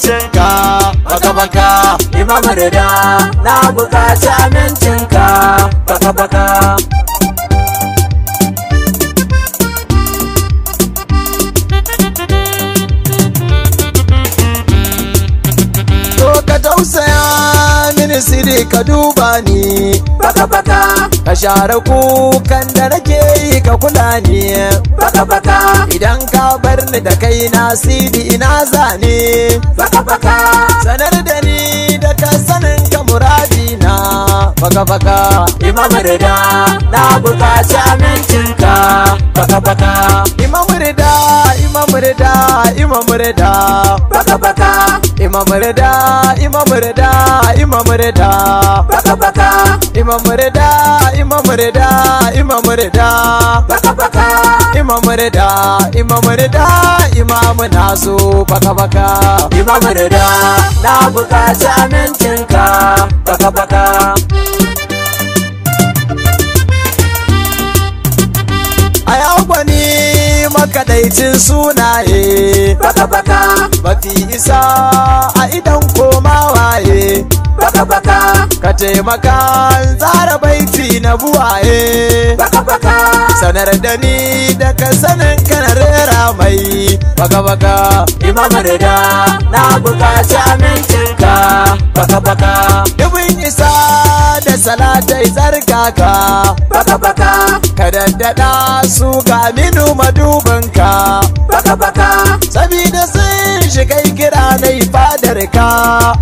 amincinka baka baka imam rida na bukaci amincinka baka baka to ka tausaya mini siri ka duba ni baka baka ka share kan da nake yi ka kula ni baka baka idan ka bar ni da kai na sidi ina zane baka baka sanar da ni da ka sanin ka muradi na baka baka imam rida na bukaci ka. baka baka imam rida imam rida imam rida baka baka ima mureda ima mureda ima mureda baka baka ima mureda Ima mureda ima mureda baka baka Ima rida imam rida imam nazo baka baka Ima mureda na buƙaci amincinka baka baka makadaicin sunaye baka-baka mafi isa a idan koma waye baka-baka ka taimaka tsara baiti na buwaye baka-baka sanar da ni da ka sanin kana rera mai baka-baka imam rida na bukaci amincinka baka-baka ibin isa salatai tsarkaka baka baka ka daddada su ga minu ka. baka baka sabida sun shiga kira na fadarka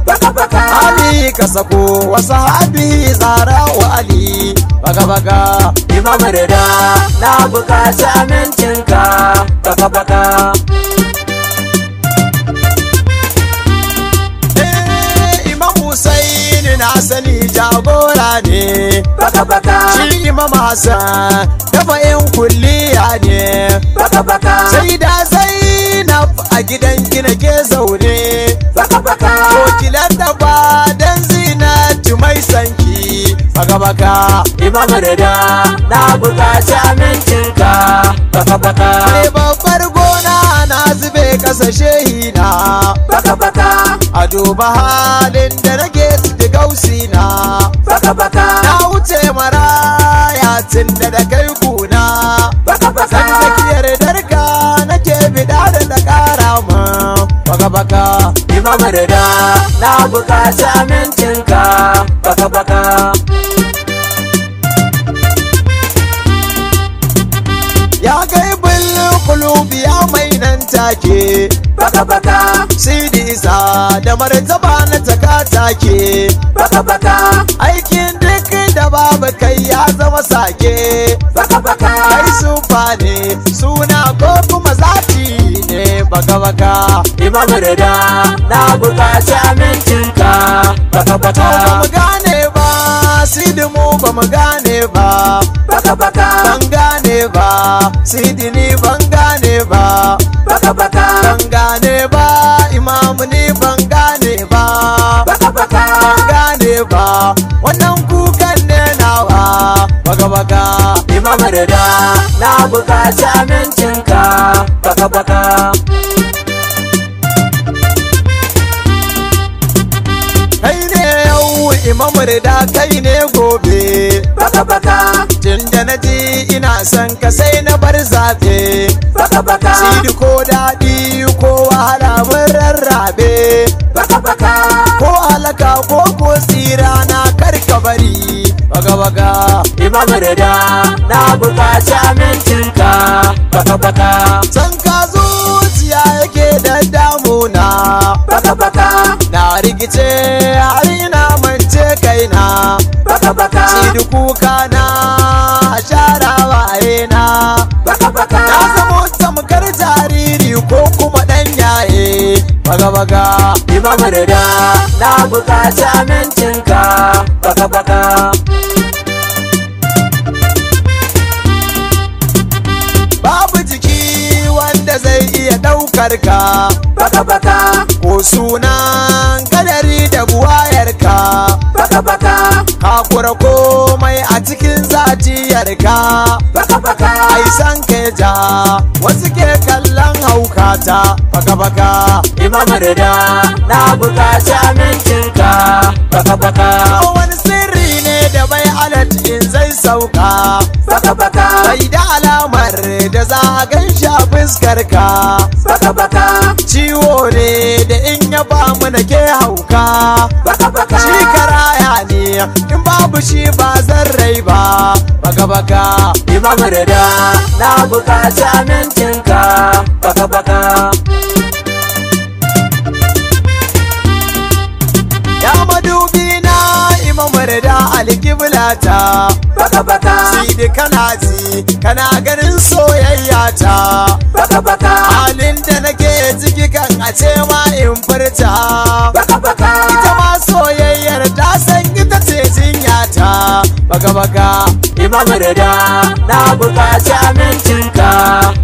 baka baka ali ka sako wasu habi tsara wa ali baka baka ima rida na bukaci amincinka baka baka eh, na sani jagora ne baka-baka shi imam hassan dafa kulliya ne baka-baka sai da zainab a gidan kina ke zaune baka-baka wakilan da ba dan zina mai sanki baka-baka imam rida na buka amincinka baka-baka mai babbar gona na zube kasa shehina baka-baka a duba halin da nake kausi baka baka na wuce mara ya da da kai kuna baka baka tsakiyar darka nake bida da da kara ma baka baka ima da na bukata minti take baka baka sidi isa da zaba na taka take baka baka aikin duk da babu kai ya zama sake baka baka ai sufa ne suna ko kuma zati ne baka baka ima rida na bukaci amincinka baka baka ba mu gane ba sidi mu ba mu gane ba baka baka ban gane ba sidi ni ban gane ba ban gane ba imamu ni ban gane ba ban gane ba wannan kukan ne nawa baka baka imamu da na bukaci amincinka baka baka kai ne yau kai ne gobe baka baka san ka sai na bar zaɓe sidi ko daɗi ko wahala mun rarrabe baka-baka. ko halaka ko ko tsira na ka bari baka baka imam rida na shamin ka. baka baka san ka zuciya yake da damuna baka baka na rigice har mance kaina baka baka shi kuka na na na zamo tamkar jariri ko kuma ɗan yaye baga-baga ima na bukaci amincinka baga baga babu jiki wanda zai iya ɗaukar ka baga baga ko sunan kadari da buwayarka baga Kakura komai a cikin zatiyarka baka-baka ai san ke ja wasu ke kallon haukata baka-baka Ima na bukaci amincinka baka-baka wani sirri ne da bai in zai sauka baka-baka bai da alamar da za a gan shi a fuskarka baka-baka ciwo ne da in ya ba mu na ke hauka baka-baka duniya in babu shi ba zan rai ba baka baka imam rida na bukaci ka baka baka ya madubi na imam rida alkiblata baka baka da kana ji kana ganin soyayya ta baka baka halin da nake ciki kan a ce ma in furta baka baka ita ma soyayya baka baka ima da da na bukaci amincinka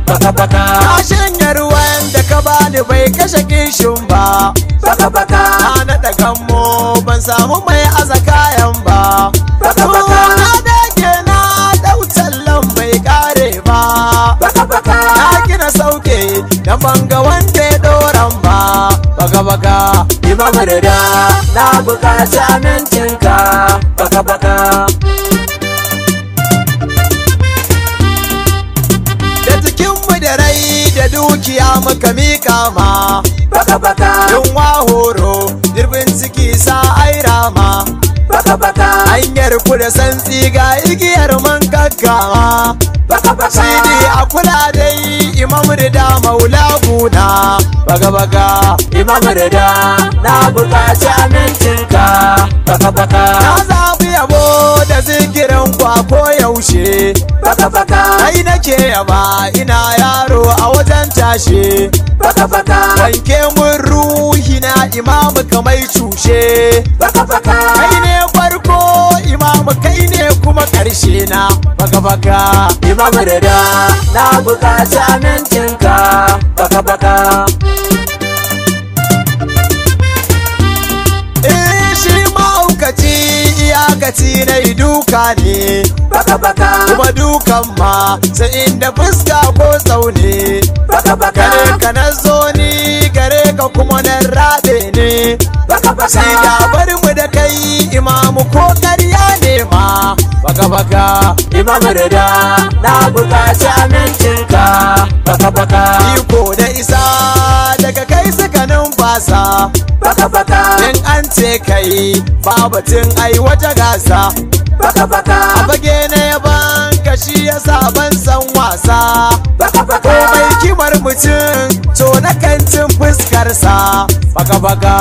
baka baka na shanye ruwan da ka bani bai kashe kishin ba baka baka na naɗa gammo ban samu mai aza kayan ba baka baka na dage na lan bai kare ba baka baka na gina sauke na banga wanda ya ba baka baka ima da da na bukaci amincinka baka baka muka mika ma baka-baka wa horo dirbin ciki sa aira ma baka-baka hanyar kuda santsi ga igiyar man gaggawa baka-baka shi a kula dai imam da maula guda baka-baka imam da na bukaci amincinka baka-baka na zaɓi yabo da zikirin koya. yaushe baka baka kai nake yaba ina yaro a wajen tashe baka baka wanke mun ruhi na imamu kamai cushe baka baka kai ne farko imamu kai ne kuma karshe na baka baka imamu da da na bukata mintinka baka baka baka ne baka baka kuma dukan ma sai inda fuska ko zaune baka baka gare ka na ni gare ka kuma na rabe ne baka baka sai da bari mu da kai imamu ko kariya ne ma baka baka imamu da na buƙaci amincinka baka baka iko da ce ka yi babatin ai wata gasa baka baka a fage na yaban kashi ya saban san wasa baka baka mai kimar mutum to na kantin fuskarsa baka baka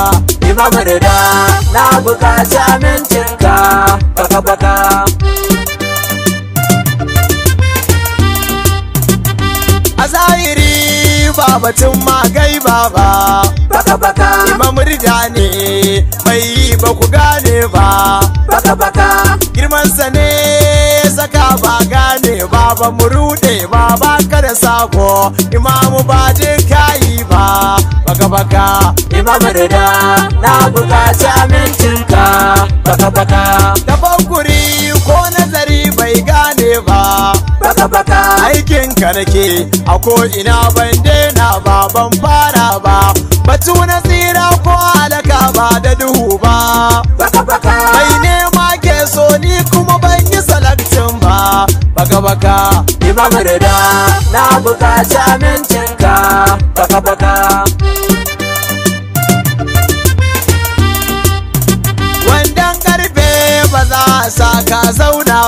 imam da na bukaci amincinka baka baka a zahiri babatin magai baba baka baka imam rida ne bai yi ba ku gane ba baka baka girman sa ne saka ba gane ba ba mu rude ba ba kada sako imamu ba je ba baka baka imam na bukaci amincinka baka baka da bankuri ba baka baka aikin ka nake a ko ina ban daina ba ban fara ba batu na tsira ko alaka ba da duhu ba baka baka mai nema ke so ni kuma ban yi salakcin ba baka baka imam da na bukata amincinka baka baka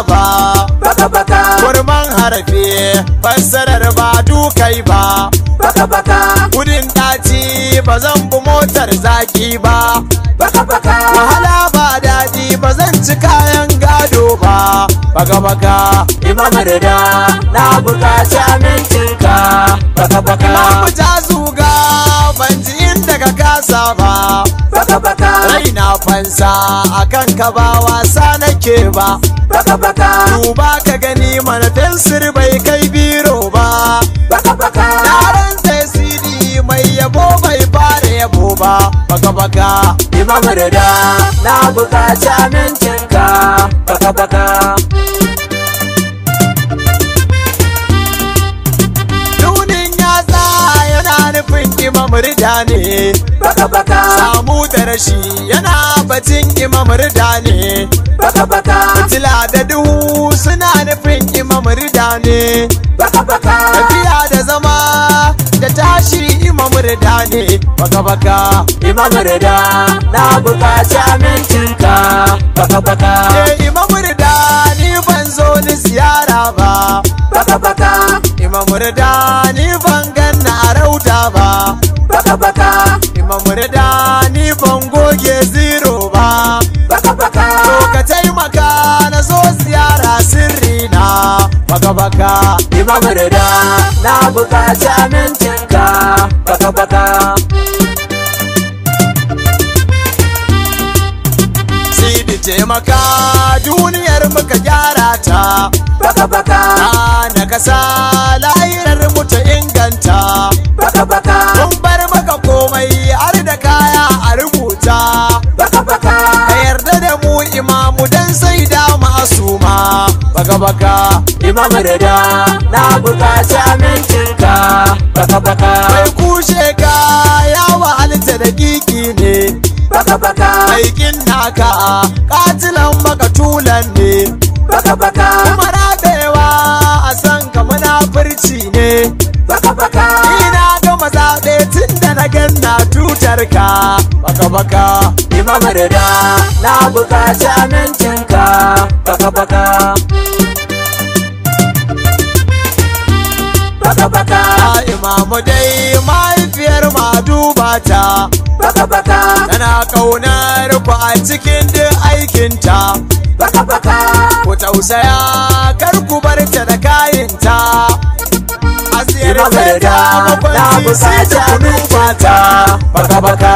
ba baka-baka gurman ban fassarar ba dukai ba baka-baka gudun ɗaci ba zan bu motar zaki ba baka-baka wahala ba daɗi ba zan ci kayan gado ba baka-baka imamar da na bukaci amincinka baka-baka ja jazu rai na fansa akan ka ba wasa nake ba duba ka gani mana fensir bai kai biro ba na sai sidi mai yabo bai fara yabo ba baka baka imam da na bukaci mincinka baka baka imam rida ne baka baka samu da yana bacin imam rida ne baka baka fitila da duhu suna nufin imam rida ne baka baka tafiya da zama da tashi imam rida ne baka baka imam rida na bukaci amincinka baka baka eh imam rida ni ban zo ni ziyara ba baka baka imam rida ni ban huta ba baka baka imamure da ni ban goge zero ba baka baka to ka taimaka na zo ziyara sirri na baka baka imamure da na bukaci amincinka baka baka taimaka duniyar muka gyara ta baka baka na kasa lahirar mu ta inganta baka baka mun bar maka komai har da kaya a rubuta baka baka ka yarda da mu imamu dan sai da masuma baka baka imamu da da na bukaci ka. baka baka mai kushe ka ya wahalta da kiki ne baka baka mai kin naka katilan baka tulan ne baka baka ƙaunarka baka-baka yi mamarda na buƙaci ka. baka-baka baka-baka mu dai mahaifiyar duba ta baka-baka tana ƙaunar ku a cikin duk aikinta baka-baka ku tausaya kar ku bar ta da kayan na murda na bukaci abin mata baka-baka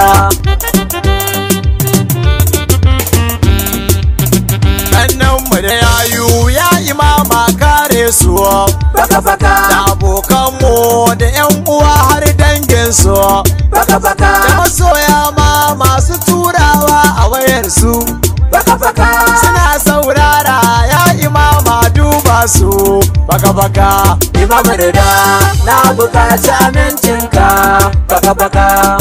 mu da yayu ya yi kare su baka-baka da abokanmu da yan uwa har dangin baka-baka da masoya ma masu turawa a wayar su baka-baka su baka-baka ni na bukata mintinka. baka-baka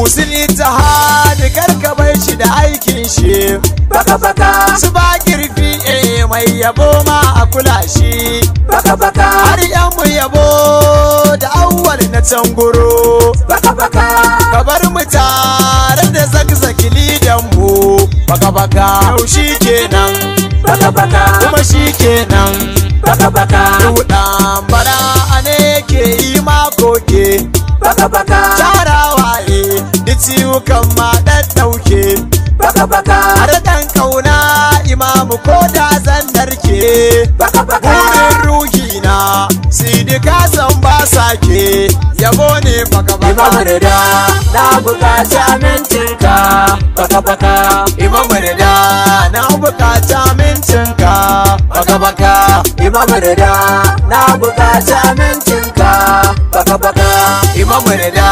Usili ta hadi karka bai shi da aikin shi baka-baka su ba girfi eh mai yabo ma a kula shi baka-baka har yan mu yabo da awwal na can guro baka-baka ka bar mu tare da zagzage baka-baka yau shi kenan baka-baka kuma shi kenan baka-baka duda bara ane ke yi makoke baka-baka tara e duk ciwukan ma dan dauke baka-baka har dan kauna imamu ko da zan narke baka-baka ruhi na sidi ka san ba sake yabo ne baka baka rida na bukaci amincinka baka baka imam rida na bukaci amincinka baka baka imam rida na bukaci amincinka baka baka imam rida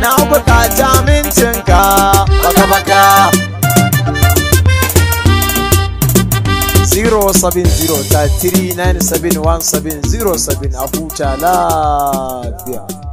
na bukaci amincinka baka baka 070 3971 a huta lafiya